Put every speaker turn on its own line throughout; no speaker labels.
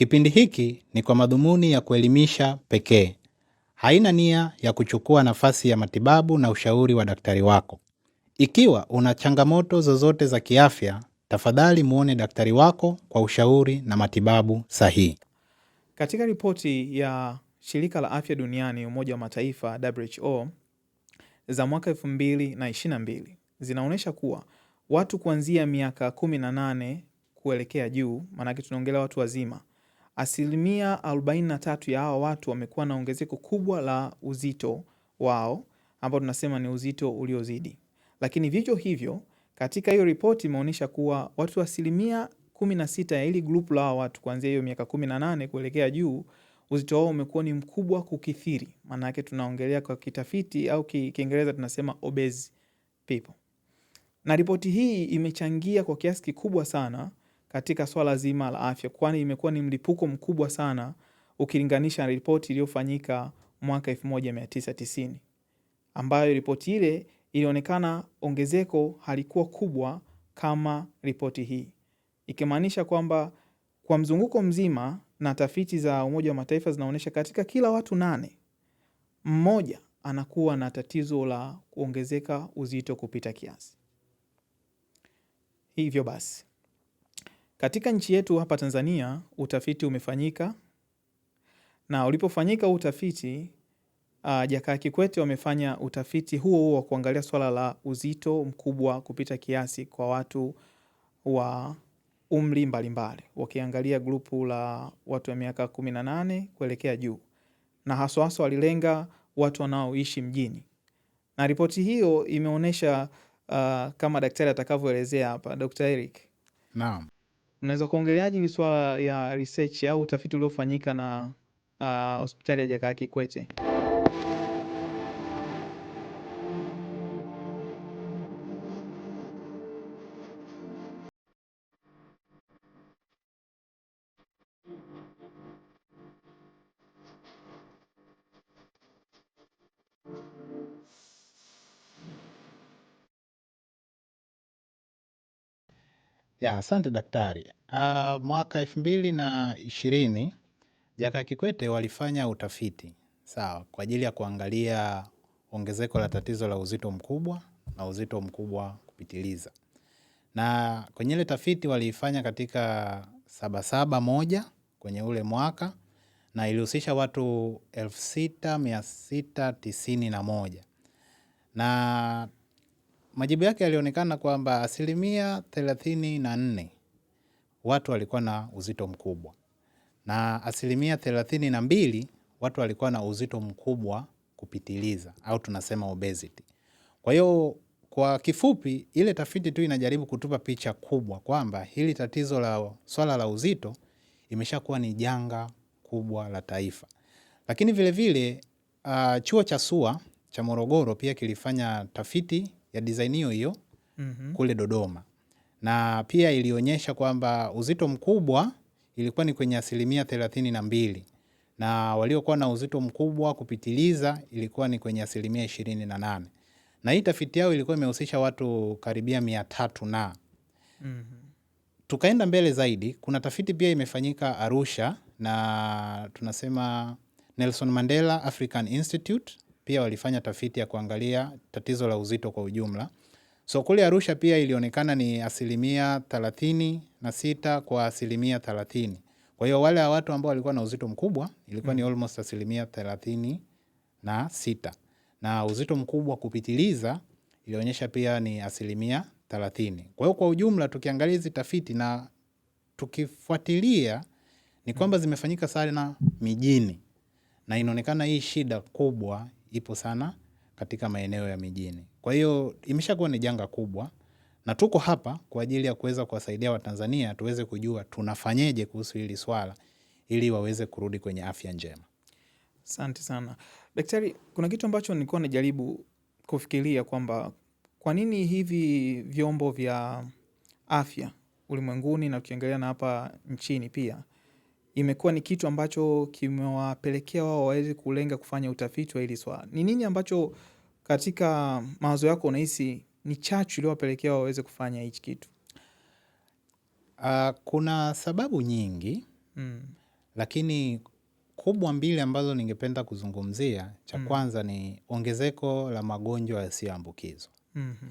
Kipindi hiki ni kwa madhumuni ya kuelimisha pekee. Haina nia ya kuchukua nafasi ya matibabu na ushauri wa daktari wako. Ikiwa una changamoto zozote za kiafya, tafadhali muone daktari wako kwa ushauri na matibabu sahihi.
Katika ripoti ya Shirika la Afya Duniani, Umoja wa Mataifa WHO za mwaka mbili zinaonyesha kuwa watu kuanzia miaka 18 kuelekea juu, maanake tunaongelea watu wazima, asilimia 43 ya hawa watu wamekuwa na ongezeko kubwa la uzito wao ambao tunasema ni uzito uliozidi. Lakini vivyo hivyo katika hiyo ripoti imeonyesha kuwa watu asilimia 16 ya ili grupu la watu kuanzia hiyo miaka 18 kuelekea juu uzito wao umekuwa ni mkubwa kukithiri. Maana yake tunaongelea kwa kitafiti au Kiingereza tunasema obese people. Na ripoti hii imechangia kwa kiasi kikubwa sana katika swala zima la afya, kwani imekuwa ni mlipuko mkubwa sana ukilinganisha na ripoti iliyofanyika mwaka 1990 ambayo ripoti ile ilionekana ongezeko halikuwa kubwa kama ripoti hii, ikimaanisha kwamba kwa mzunguko mzima, na tafiti za Umoja wa Mataifa zinaonyesha katika kila watu nane, mmoja anakuwa na tatizo la kuongezeka uzito kupita kiasi. Hivyo basi katika nchi yetu hapa Tanzania utafiti umefanyika na ulipofanyika utafiti uh, Jakaya Kikwete wamefanya utafiti huo huo wa kuangalia swala la uzito mkubwa kupita kiasi kwa watu wa umri mbalimbali, wakiangalia grupu la watu wa miaka 18 kuelekea juu, na haswa haswa walilenga watu wanaoishi mjini, na ripoti hiyo imeonyesha uh, kama daktari atakavyoelezea hapa Dr. Eric. Naam. Unaweza kuongeleaje ni swala ya research au utafiti uliofanyika na uh, hospitali ya Jakaya Kikwete?
Ya, asante daktari. Uh, mwaka elfu mbili na ishirini, Jakaya Kikwete walifanya utafiti sawa, kwa ajili ya kuangalia ongezeko la tatizo la uzito mkubwa na uzito mkubwa kupitiliza, na kwenye ile tafiti waliifanya katika Sabasaba moja kwenye ule mwaka, na ilihusisha watu elfu sita mia sita tisini na moja na Majibu yake yalionekana kwamba asilimia thelathini na nne watu walikuwa na uzito mkubwa na asilimia thelathini na mbili watu walikuwa na uzito mkubwa kupitiliza au tunasema obesity. Kwa hiyo kwa kifupi, ile tafiti tu inajaribu kutupa picha kubwa kwamba hili tatizo la swala la uzito imeshakuwa ni janga kubwa la taifa. Lakini vilevile vile, uh, chuo cha SUA cha Morogoro pia kilifanya tafiti ya design hiyo hiyo mm -hmm. kule Dodoma, na pia ilionyesha kwamba uzito mkubwa ilikuwa ni kwenye asilimia thelathini na mbili na waliokuwa na uzito mkubwa kupitiliza ilikuwa ni kwenye asilimia ishirini na nane na hii tafiti yao ilikuwa imehusisha watu karibia mia tatu na mm -hmm. Tukaenda mbele zaidi, kuna tafiti pia imefanyika Arusha na tunasema Nelson Mandela African Institute pia walifanya tafiti ya kuangalia tatizo la uzito kwa ujumla. So kule Arusha pia ilionekana ni asilimia thelathini na sita kwa asilimia thelathini. Kwa hiyo wale watu ambao walikuwa na uzito mkubwa ilikuwa ni mm. almost asilimia thelathini na sita na uzito mkubwa kupitiliza ilionyesha pia ni asilimia thelathini. Kwa hiyo kwa ujumla tukiangalia hizi tafiti na tukifuatilia ni kwamba mm. zimefanyika sana mijini na inaonekana hii shida kubwa ipo sana katika maeneo ya mijini. Kwa hiyo imeshakuwa ni janga kubwa na tuko hapa kwa ajili ya kuweza kuwasaidia Watanzania tuweze kujua tunafanyeje kuhusu hili swala ili waweze kurudi kwenye afya njema.
Asante sana daktari, kuna kitu ambacho nilikuwa najaribu kufikiria kwamba kwa nini hivi vyombo vya afya ulimwenguni na ukiangalia na hapa nchini pia imekuwa ni kitu ambacho kimewapelekea wao waweze kulenga kufanya utafiti wa hili swala. Ni nini ambacho katika mawazo yako unahisi ni chachu iliyowapelekea waweze kufanya hichi kitu?
Uh, kuna sababu nyingi mm. Lakini kubwa mbili ambazo ningependa kuzungumzia, cha mm. kwanza mm. ni ongezeko la magonjwa yasiyoambukizwa mm -hmm.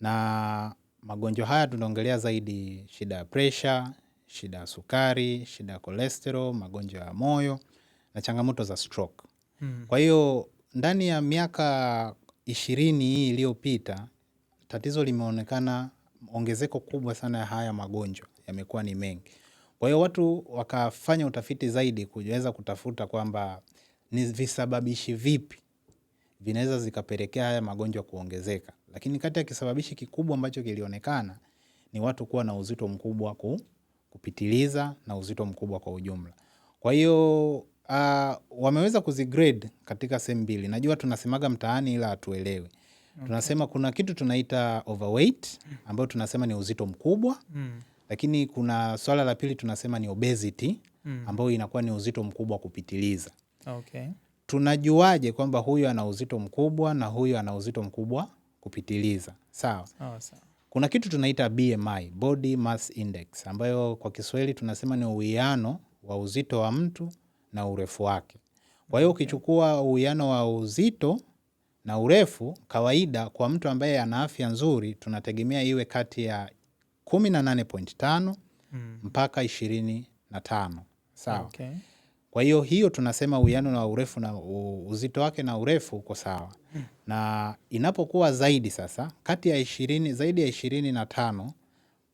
na magonjwa haya tunaongelea zaidi shida ya presha, shida ya sukari, shida ya kolesterol, magonjwa ya moyo na changamoto za stroke. Mm. Kwa hiyo ndani ya miaka ishirini hii iliyopita tatizo limeonekana ongezeko kubwa sana ya haya magonjwa yamekuwa ni mengi. Kwa hiyo watu wakafanya utafiti zaidi kuweza kutafuta kwamba ni visababishi vipi vinaweza zikapelekea haya magonjwa kuongezeka, lakini kati ya kisababishi kikubwa ambacho kilionekana ni watu kuwa na uzito mkubwa ku, kupitiliza na uzito mkubwa kwa ujumla. Kwa hiyo uh, wameweza kuzigrade katika sehemu mbili. Najua tunasemaga mtaani ila hatuelewi. Okay. Tunasema kuna kitu tunaita overweight ambayo tunasema ni uzito mkubwa mm. Lakini kuna swala la pili tunasema ni obesity mm. ambayo inakuwa ni uzito mkubwa kupitiliza. Okay. Tunajuaje kwamba huyu ana uzito mkubwa na huyu ana uzito mkubwa kupitiliza? Sawa. Oh, sawa. Kuna kitu tunaita BMI, Body Mass Index, ambayo kwa Kiswahili tunasema ni uwiano wa uzito wa mtu na urefu wake. Kwa hiyo ukichukua uwiano wa uzito na urefu, kawaida kwa mtu ambaye ana afya nzuri tunategemea iwe kati ya 18.5 mm. mpaka 25. Sawa. Okay. Kwa hiyo hiyo tunasema uwiano na urefu na uzito wake na urefu uko sawa hmm. Na inapokuwa zaidi sasa kati ya ishirini, zaidi ya ishirini na tano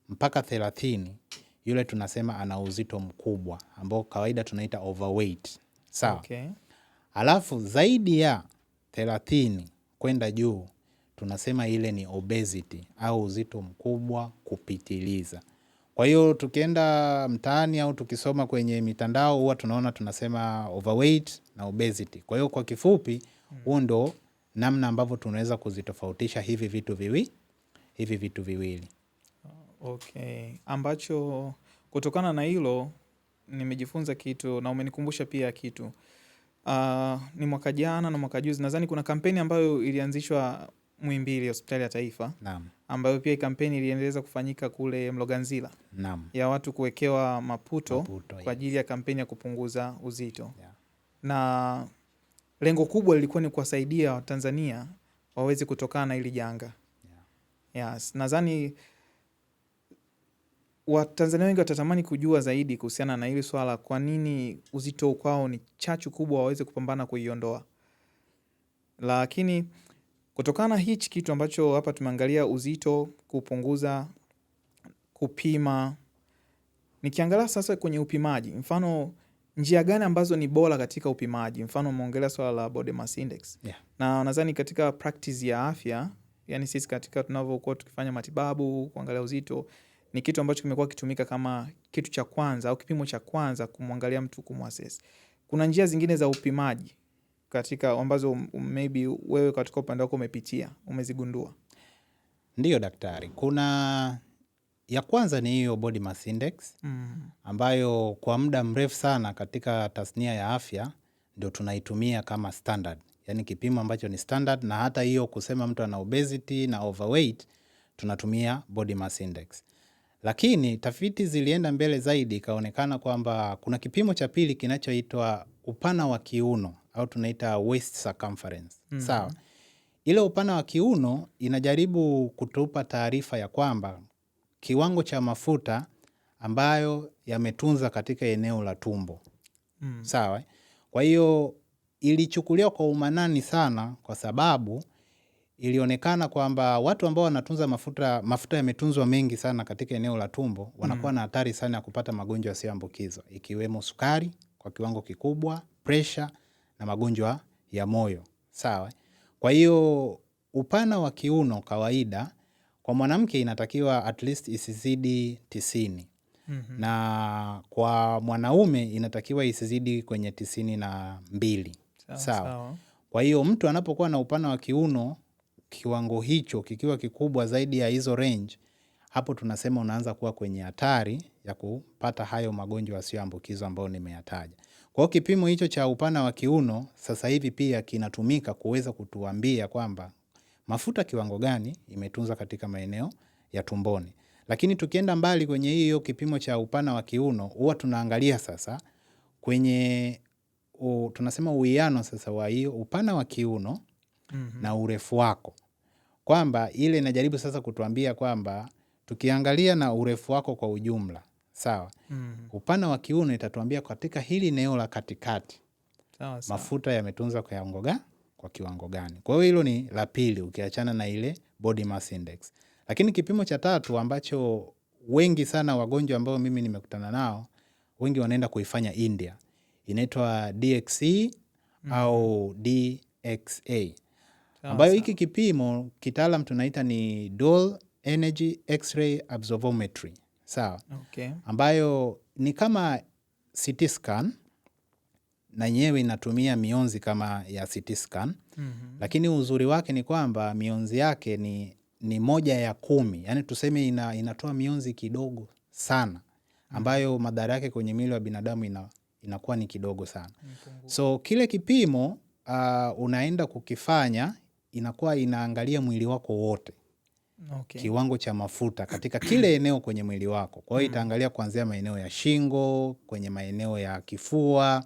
mpaka thelathini yule tunasema ana uzito mkubwa ambao kawaida tunaita overweight. Sawa. Okay. Alafu zaidi ya thelathini kwenda juu tunasema ile ni obesity au uzito mkubwa kupitiliza. Kwa hiyo tukienda mtaani au tukisoma kwenye mitandao huwa tunaona tunasema overweight na obesity. Kwa hiyo kwa kifupi huo hmm. ndo namna ambavyo tunaweza kuzitofautisha hivi vitu viwili hivi vitu viwili.
Okay, ambacho kutokana na hilo nimejifunza kitu na umenikumbusha pia kitu. Ah, ni mwaka jana na mwaka juzi nadhani kuna kampeni ambayo ilianzishwa Muhimbili hospitali ya taifa naam, ambayo pia kampeni iliendeleza kufanyika kule Mloganzila naam, ya watu kuwekewa maputo, maputo kwa ajili yes, ya kampeni ya kupunguza uzito yeah, na lengo kubwa lilikuwa ni kuwasaidia Watanzania waweze kutokana na hili janga yeah. Yes, nadhani Watanzania wengi watatamani kujua zaidi kuhusiana na hili swala, kwa nini uzito kwao ni chachu kubwa waweze kupambana kuiondoa, lakini Kutokana hichi kitu ambacho hapa tumeangalia uzito, kupunguza, kupima. Nikiangalia sasa kwenye upimaji, mfano njia gani ambazo ni bora katika upimaji? Mfano umeongelea swala la body mass index. Yeah. Na nadhani katika practice ya afya, yani sisi katika tunavyokuwa tukifanya matibabu, kuangalia uzito ni kitu ambacho kimekuwa kitumika kama kitu cha kwanza au kipimo cha kwanza kumwangalia mtu kumwasesi. Kuna njia zingine za upimaji katika ambazo maybe wewe katika upande wako umepitia umezigundua?
Ndiyo daktari, kuna ya kwanza ni hiyo body mass index mm. ambayo kwa muda mrefu sana katika tasnia ya afya ndio tunaitumia kama standard, yaani kipimo ambacho ni standard, na hata hiyo kusema mtu ana obesity na overweight tunatumia body mass index. Lakini tafiti zilienda mbele zaidi, ikaonekana kwamba kuna kipimo cha pili kinachoitwa upana wa kiuno au tunaita waist circumference mm Sawa, ile upana wa kiuno inajaribu kutupa taarifa ya kwamba kiwango cha mafuta ambayo yametunza katika eneo la tumbo mm. Sawa, kwa hiyo ilichukuliwa kwa umanani sana, kwa sababu ilionekana kwamba watu ambao wanatunza mafuta, mafuta yametunzwa mengi sana katika eneo la tumbo wanakuwa mm. na hatari sana ya kupata magonjwa yasiyoambukizwa ikiwemo sukari kwa kiwango kikubwa, pressure na magonjwa ya moyo. Sawa. Kwa hiyo upana wa kiuno kawaida kwa mwanamke inatakiwa at least isizidi tisini. Mm -hmm. Na kwa mwanaume inatakiwa isizidi kwenye tisini na mbili. Sawa, sawa. Sawa. Kwa hiyo mtu anapokuwa na upana wa kiuno kiwango hicho kikiwa kikubwa zaidi ya hizo range, hapo tunasema unaanza kuwa kwenye hatari ya kupata hayo magonjwa yasiyoambukizwa ambayo nimeyataja. Kwa hiyo kipimo hicho cha upana wa kiuno sasa hivi pia kinatumika kuweza kutuambia kwamba mafuta kiwango gani imetunza katika maeneo ya tumboni. Lakini tukienda mbali kwenye hiyo kipimo cha upana wa kiuno huwa tunaangalia sasa kwenye u, tunasema uwiano sasa wa hiyo upana wa kiuno mm -hmm. na urefu wako kwamba ile inajaribu sasa kutuambia kwamba tukiangalia na urefu wako kwa ujumla sawa. mm. Upana wa kiuno itatuambia katika hili eneo la katikati sawa, sawa. mafuta yametunza kwa kwa kiwango gani. Kwa hiyo hilo ni la pili, ukiachana na ile body mass index. Lakini kipimo cha tatu ambacho wengi sana wagonjwa ambao mimi nimekutana nao wengi wanaenda kuifanya India, inaitwa DXE mm. Mm-hmm. au DXA ambayo hiki kipimo kitaalam tunaita ni dual energy x-ray absorptiometry sawa? Okay. Ambayo ni kama CT scan na yenyewe inatumia mionzi kama ya CT scan mm -hmm. Lakini uzuri wake ni kwamba mionzi yake ni, ni moja ya kumi, yaani tuseme ina, inatoa mionzi kidogo sana mhm. ambayo madhara yake kwenye mwili wa binadamu ina, inakuwa ni kidogo sana Mpungu. So kile kipimo uh, unaenda kukifanya inakuwa inaangalia mwili wako wote okay. kiwango cha mafuta katika kile eneo kwenye mwili wako. Kwa hiyo itaangalia kuanzia maeneo ya shingo, kwenye maeneo ya kifua,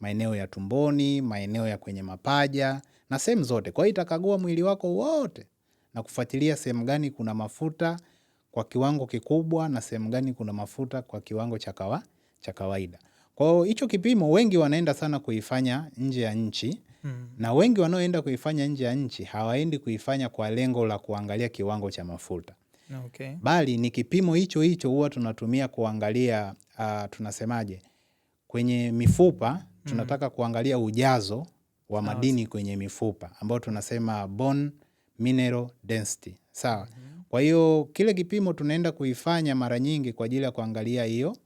maeneo ya tumboni, maeneo ya kwenye mapaja na sehemu zote. Kwa hiyo itakagua mwili wako wote na kufuatilia sehemu gani kuna mafuta kwa kiwango kikubwa na sehemu gani kuna mafuta kwa kiwango cha kawaida. Kwa hiyo hicho kipimo wengi wanaenda sana kuifanya nje ya nchi na wengi wanaoenda kuifanya nje ya nchi hawaendi kuifanya kwa lengo la kuangalia kiwango cha mafuta. Okay. Bali ni kipimo hicho hicho huwa tunatumia kuangalia uh, tunasemaje kwenye mifupa tunataka mm. kuangalia ujazo wa madini kwenye mifupa ambao tunasema bone mineral density. Sawa. Mm. Kwa hiyo kile kipimo tunaenda kuifanya mara nyingi kwa ajili ya kuangalia hiyo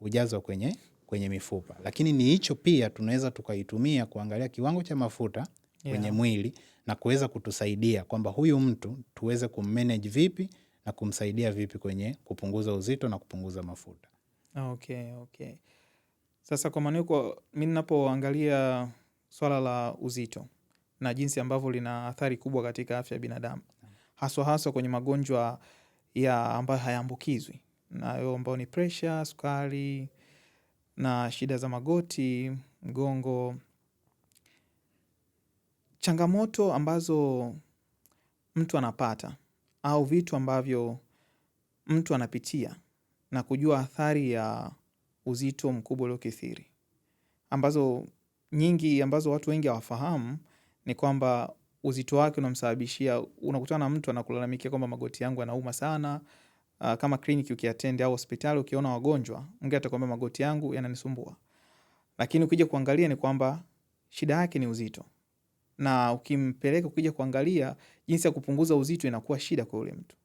ujazo kwenye kwenye mifupa, lakini ni hicho pia tunaweza tukaitumia kuangalia kiwango cha mafuta yeah. kwenye mwili na kuweza kutusaidia kwamba huyu mtu tuweze kummanage vipi na kumsaidia vipi kwenye kupunguza uzito na kupunguza mafuta.
Okay, okay. Sasa kwa maana hiyo, mi ninapoangalia swala la uzito na jinsi ambavyo lina athari kubwa katika afya ya binadamu haswa haswa kwenye magonjwa ya ambayo hayaambukizwi nayo ambayo ni presha, sukari na shida za magoti, mgongo. Changamoto ambazo mtu anapata au vitu ambavyo mtu anapitia na kujua athari ya uzito mkubwa uliokithiri. Ambazo nyingi ambazo watu wengi hawafahamu ni kwamba uzito wake unamsababishia unakutana na mtu anakulalamikia kwamba magoti yangu yanauma sana uh, kama kliniki ukiatendi au hospitali ukiona wagonjwa, mge atakwambia magoti yangu yananisumbua, lakini ukija kuangalia ni kwamba shida yake ni uzito, na ukimpeleka ukija kuangalia jinsi ya kupunguza uzito inakuwa shida kwa yule mtu.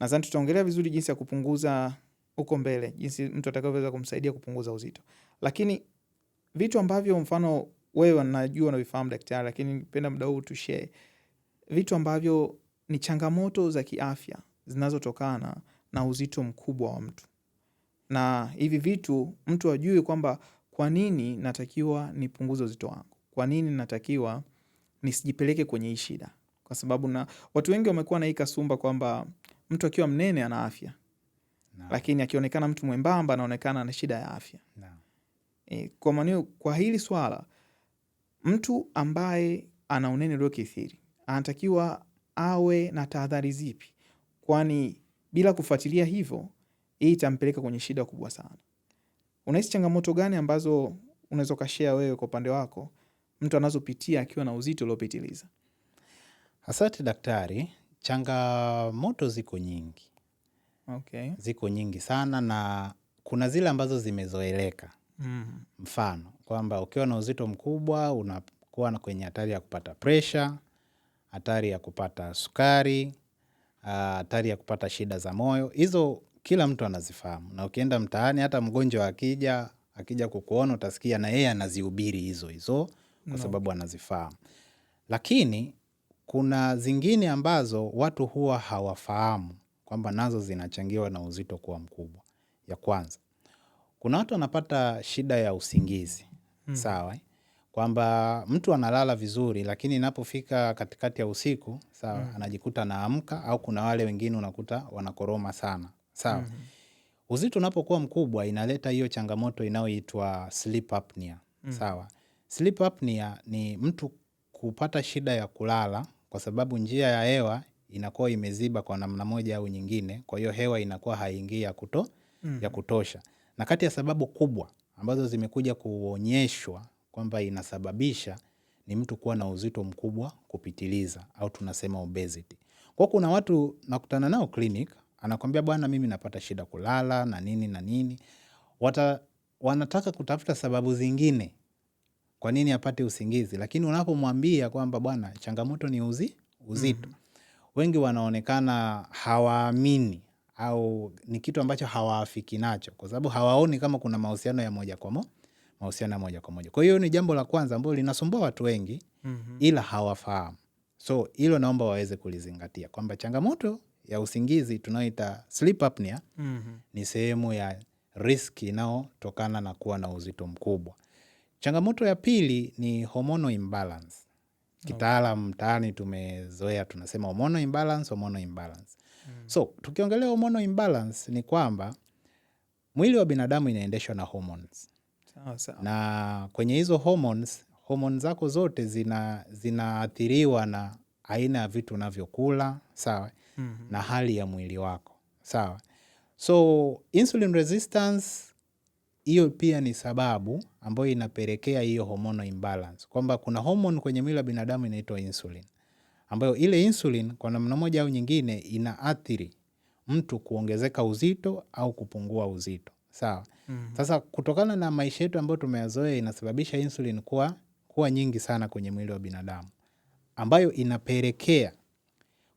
Nadhani tutaongelea vizuri jinsi ya kupunguza huko mbele, jinsi mtu atakavyoweza kumsaidia kupunguza uzito, lakini vitu ambavyo mfano wewe najua unavifahamu daktari, lakini penda mda huu tushee vitu ambavyo ni changamoto za kiafya zinazotokana na uzito mkubwa wa mtu. Na hivi vitu mtu ajui kwamba kwa nini natakiwa nipunguze uzito wangu? Kwa nini natakiwa nisijipeleke kwenye hii shida? Kwa sababu na watu wengi wamekuwa na hii kasumba kwamba mtu akiwa mnene ana afya. Lakini akionekana mtu mwembamba anaonekana ana shida ya afya. E, Kwa maana hiyo kwa hili swala mtu ambaye ana unene uliokithiri anatakiwa awe na tahadhari zipi? kwani bila kufuatilia hivyo hii itampeleka kwenye shida kubwa sana. Unahisi changamoto gani ambazo unaweza ukashea wewe kwa upande wako mtu anazopitia akiwa na uzito uliopitiliza?
Asante daktari, changamoto ziko nyingi. Okay. Ziko nyingi sana na kuna zile ambazo zimezoeleka. Mm. Mfano kwamba ukiwa na uzito mkubwa unakuwa kwenye hatari ya kupata presha, hatari ya kupata sukari, hatari ya kupata shida za moyo. Hizo kila mtu anazifahamu, na ukienda mtaani, hata mgonjwa akija akija kukuona utasikia na yeye anazihubiri hizo hizo kwa sababu anazifahamu. Lakini kuna zingine ambazo watu huwa hawafahamu kwamba nazo zinachangiwa na uzito kuwa mkubwa. Ya kwanza, kuna watu wanapata shida ya usingizi, hmm. sawa eh? kwamba mtu analala vizuri, lakini inapofika katikati ya usiku sawa, mm. anajikuta anaamka, au kuna wale wengine unakuta wanakoroma sana sawa. mm. Uzito unapokuwa mkubwa inaleta hiyo changamoto inayoitwa sleep apnea mm. sawa. Sleep apnea ni mtu kupata shida ya kulala kwa sababu njia ya hewa inakuwa imeziba kwa namna moja au nyingine, kwa hiyo hewa inakuwa haingii ya kuto, mm. ya mm-hmm. kutosha. Na kati ya sababu kubwa ambazo zimekuja kuonyeshwa kwamba inasababisha ni mtu kuwa na uzito mkubwa kupitiliza au tunasema obesity. Kwa kuna watu nakutana nao clinic, anakwambia bwana mimi napata shida kulala na nini na nini. Wata, wanataka kutafuta sababu zingine kwa nini apate usingizi, lakini unapomwambia kwamba bwana changamoto ni uzi, uzito mm -hmm. wengi wanaonekana hawaamini au ni kitu ambacho hawaafiki nacho kwa sababu hawaoni kama kuna mahusiano ya moja kwa moja mahusiano ya moja kwa moja. Kwa hiyo ni jambo la kwanza ambalo linasumbua watu wengi mm -hmm. ila hawafahamu. So hilo naomba waweze kulizingatia kwamba changamoto ya usingizi tunaoita sleep apnea mm -hmm. ni sehemu ya risk inayotokana na kuwa na uzito mkubwa. Changamoto ya pili ni homono imbalance. Kitaalam mtaani tumezoea tunasema homono imbalance, homono imbalance. Mm. hmm So tukiongelea homono imbalance ni kwamba mwili wa binadamu inaendeshwa na hormones sawa Na kwenye hizo hormones, hormones zako zote zina zinaathiriwa na aina ya vitu unavyokula sawa, mm -hmm. na hali ya mwili wako sawa. So insulin resistance hiyo pia ni sababu ambayo inapelekea hiyo hormonal imbalance, kwamba kuna hormone kwenye mwili wa binadamu inaitwa insulin, ambayo ile insulin kwa namna moja au nyingine inaathiri mtu kuongezeka uzito au kupungua uzito sawa. Mm. Sasa kutokana na maisha yetu ambayo tumeyazoea inasababisha insulin kuwa, kuwa nyingi sana kwenye mwili wa binadamu ambayo inapelekea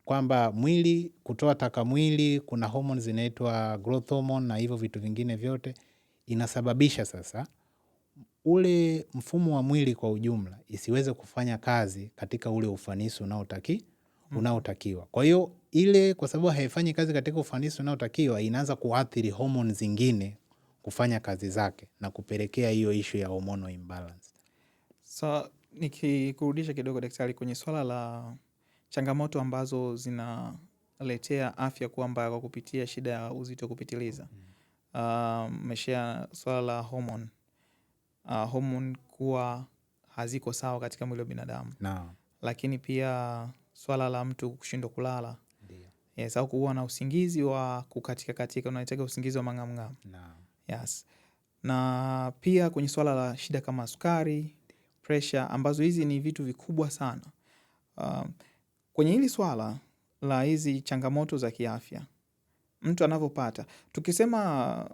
kwamba mwili kutoa taka mwili, kuna homon zinaitwa growth hormone na hivyo vitu vingine vyote inasababisha sasa ule mfumo wa mwili kwa ujumla isiweze kufanya kazi katika ule ufanisi unaotaki mm. unaotakiwa. Kwa hiyo ile, kwa sababu haifanyi kazi katika ufanisi unaotakiwa, inaanza kuathiri homon zingine kufanya kazi zake na kupelekea hiyo ishu ya hormonal imbalance.
Sa nikikurudisha kidogo daktari, kwenye swala la changamoto ambazo zinaletea afya kuwa mbaya kwa kupitia shida ya uzito kupitiliza, mm-hmm. ah, mmeshea uh, swala la homoni uh, ah, homoni kuwa haziko sawa katika mwili wa binadamu no. Lakini pia swala la mtu kushindwa kulala yes, au kuwa na usingizi wa kukatika katika, unahitaji usingizi wa mang'amng'amu no. Yes. Na pia kwenye swala la shida kama sukari, pressure, ambazo hizi ni vitu vikubwa sana. Um, kwenye hili swala la hizi changamoto za kiafya, mtu anavyopata Tukisema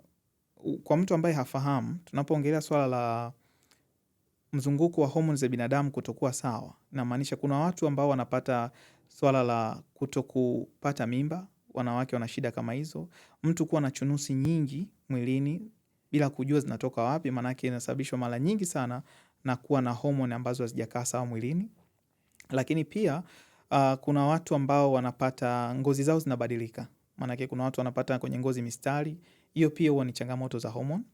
kwa mtu ambaye hafahamu, tunapoongelea swala la mzunguko wa homoni za binadamu kutokuwa sawa. Inamaanisha kuna watu ambao wanapata swala la kutokupata mimba, wanawake wana shida kama hizo. Mtu kuwa na chunusi nyingi mwilini bila kujua zinatoka wapi, maanake inasababishwa mara nyingi sana na kuwa na homoni ambazo hazijakaa sawa mwilini. Lakini pia uh, kuna watu ambao wanapata ngozi zao zinabadilika, maanake kuna watu wanapata kwenye ngozi mistari, hiyo pia huwa ni changamoto za homoni.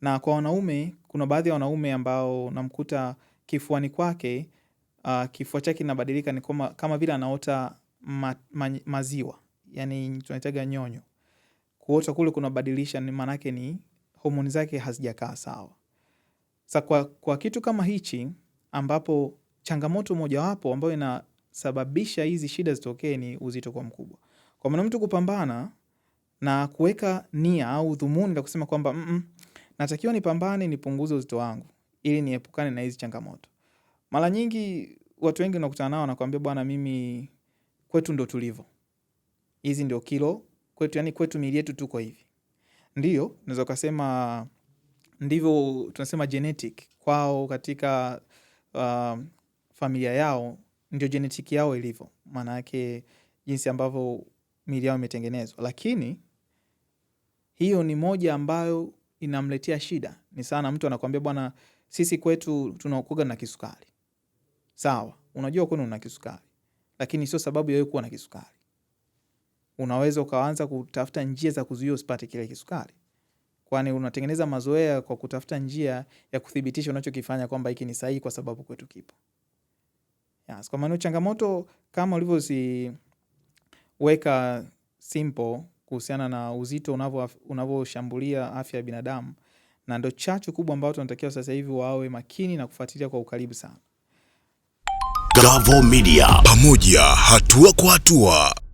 Na kwa wanaume, kuna baadhi ya wanaume ambao namkuta kifuani kwake, uh, kifua chake kinabadilika, ni kama vile anaota ma, ma, maziwa yani tunaitaga nyonyo. Kuota kule kunabadilisha maana yake ni homoni zake hazijakaa sawa. Sa kwa, kwa kitu kama hichi ambapo changamoto mojawapo ambayo inasababisha hizi shida zitokee ni uzito kwa mkubwa. Kwa maana mtu kupambana na kuweka nia au dhumuni la kusema kwamba mm -mm, natakiwa nipambane nipunguze uzito wangu ili niepukane na hizi changamoto. Mara nyingi watu wengi nakutana nao nakwambia bwana, mimi kwetu ndo tulivo, hizi ndio kilo kwetu, yani kwetu mili yetu tuko hivi. Ndio naweza kusema ndivyo tunasema genetic kwao, katika uh, familia yao ndio genetic yao ilivyo, maana yake jinsi ambavyo mili yao imetengenezwa. Lakini hiyo ni moja ambayo inamletea shida. Ni sana mtu anakuambia bwana, sisi kwetu tunakuwa na kisukari. Sawa, unajua kwenu una kisukari, lakini sio sababu ya wewe kuwa na kisukari unaweza ukaanza kutafuta njia za kuzuia usipate kile kisukari, kwani unatengeneza mazoea kwa kutafuta njia ya kuthibitisha unachokifanya kwamba hiki ni sahihi, kwa sababu kwetu kipo. Yes, kwa maana changamoto kama ulivyoziweka simple kuhusiana na uzito unavyoshambulia afya ya binadamu, na ndo chachu kubwa ambayo tunatakiwa sasa hivi wawe makini na kufuatilia kwa ukaribu sana. Gavoo Media, pamoja hatua kwa hatua.